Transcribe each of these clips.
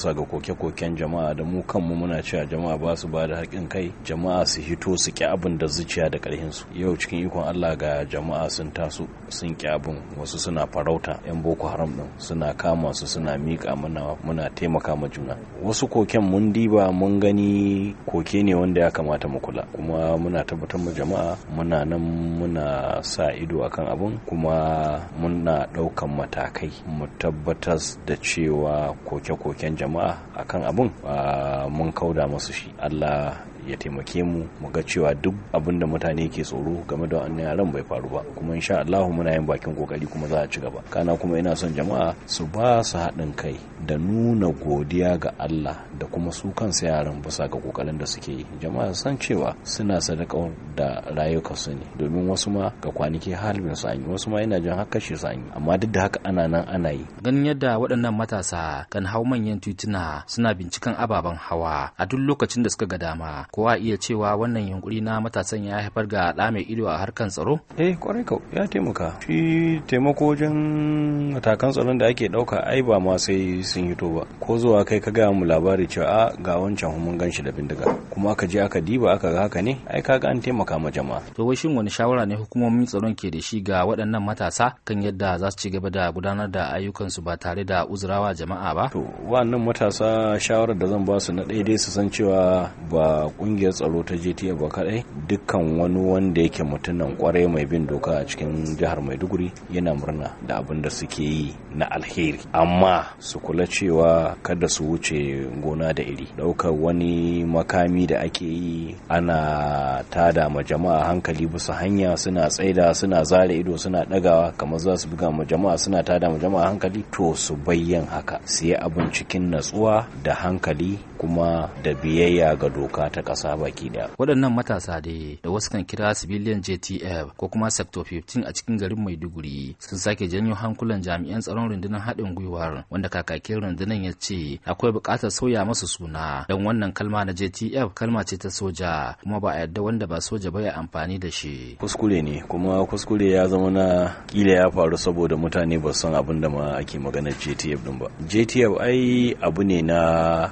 bisa ga koke-koken jama'a da mu kanmu muna cewa jama'a ba su ba da haƙin kai jama'a su hito su ƙi abin da zuciya da ƙarhin su yau cikin ikon Allah ga jama'a sun taso sun ƙi abin wasu suna farauta yan boko haram ɗin suna kama su suna miƙa mana muna taimaka ma juna wasu koken mun diba mun gani koke ne wanda ya kamata mu kula kuma muna tabbatar mu jama'a muna nan muna sa ido akan abin kuma muna ɗaukan matakai mu tabbatar da cewa koke-koken jama'a jama'a akan abun ah, mun kauda musu shi Allah ya taimake mu mu ga cewa duk abin da mutane ke tsoro game da wannan yaran bai faru ba kuma insha Allah muna yin bakin kokari kuma za a ci gaba kana kuma ina son jama'a su ba su haɗin kai da nuna godiya ga Allah da kuma su kansu yaran bisa ga kokarin da suke yi jama'a san cewa suna sadaka da rayuka su ne domin wasu ma ga kwanaki halin su an yi wasu ma ina jin haka shi su an yi amma duk da haka ana nan ana yi ganin yadda waɗannan matasa kan hau manyan tituna suna binciken ababen hawa a duk lokacin da suka ga dama ko kowa iya cewa wannan yunkuri na matasan ya haifar ga ɗa mai ido a harkar tsaro? Eh kwarai kau ya taimaka. Shi taimako wajen matakan tsaron da ake ɗauka ai ba ma sai sun hito ba. Ko zuwa kai ka gaya mu labari cewa a ah, ga wancan mun gan shi da bindiga. Kuma ka je aka diba aka ga haka ne ai kaga an taimaka ma jama'a. To wai shin wani shawara ne hukumomin tsaron ke da shi ga waɗannan matasa kan yadda za su ci gaba da gudanar da ayyukansu ba tare da uzurawa jama'a ba? To wannan matasa shawarar da zan ba su na ɗaya dai su san cewa ba kungiyar tsaro ta jta ba kadai dukkan wani wanda yake mutunan kwarai mai bin doka a cikin jihar maiduguri yana murna da abin da suke yi na alheri amma su kula cewa kada su wuce gona da iri daukar wani makami da ake yi ana tada ma jama'a hankali bisa hanya suna tsaida suna zare ido suna dagawa kamar za su buga ma jama'a suna tada ma jama'a hankali to su bayyan haka yi abin cikin natsuwa da hankali kuma da biyayya ga doka ta kasa baki da. Waɗannan matasa dai da wasu kan kira civilian JTF ko kuma sector 15 a cikin garin Maiduguri sun sake janyo hankulan jami'an tsaron rundunar haɗin gwiwar wanda kakakin rundunar ya ce akwai buƙatar sauya masu suna don wannan kalma na JTF kalma ce ta soja kuma ba a yarda wanda ba soja ba ya amfani da shi. Kuskure ne kuma kuskure ya zama na kila ya faru saboda mutane ba san abin da ma ake maganar JTF din ba. JTF ai abu ne na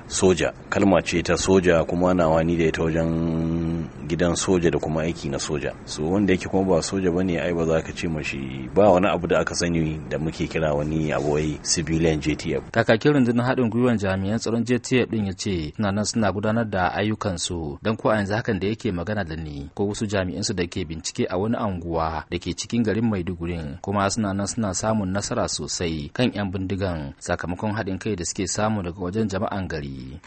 soja kalma ce ta soja kuma na wani da ta wajen gidan soja da kuma aiki na soja so wanda yake kuma ba soja bane ai ba za ka ce mashi ba wani abu da aka sani da muke kira wani abuwai civilian JTF kakakin rundunar haɗin gwiwar jami'an tsaron JTF din ya ce suna nan suna gudanar da ayyukansu don ko a yanzu hakan da yake magana da ni ko wasu jami'an su da ke bincike a wani anguwa da ke cikin garin Maiduguri kuma suna nan suna samun nasara sosai kan 'yan bindigan sakamakon haɗin kai da suke samu daga wajen jama'an gari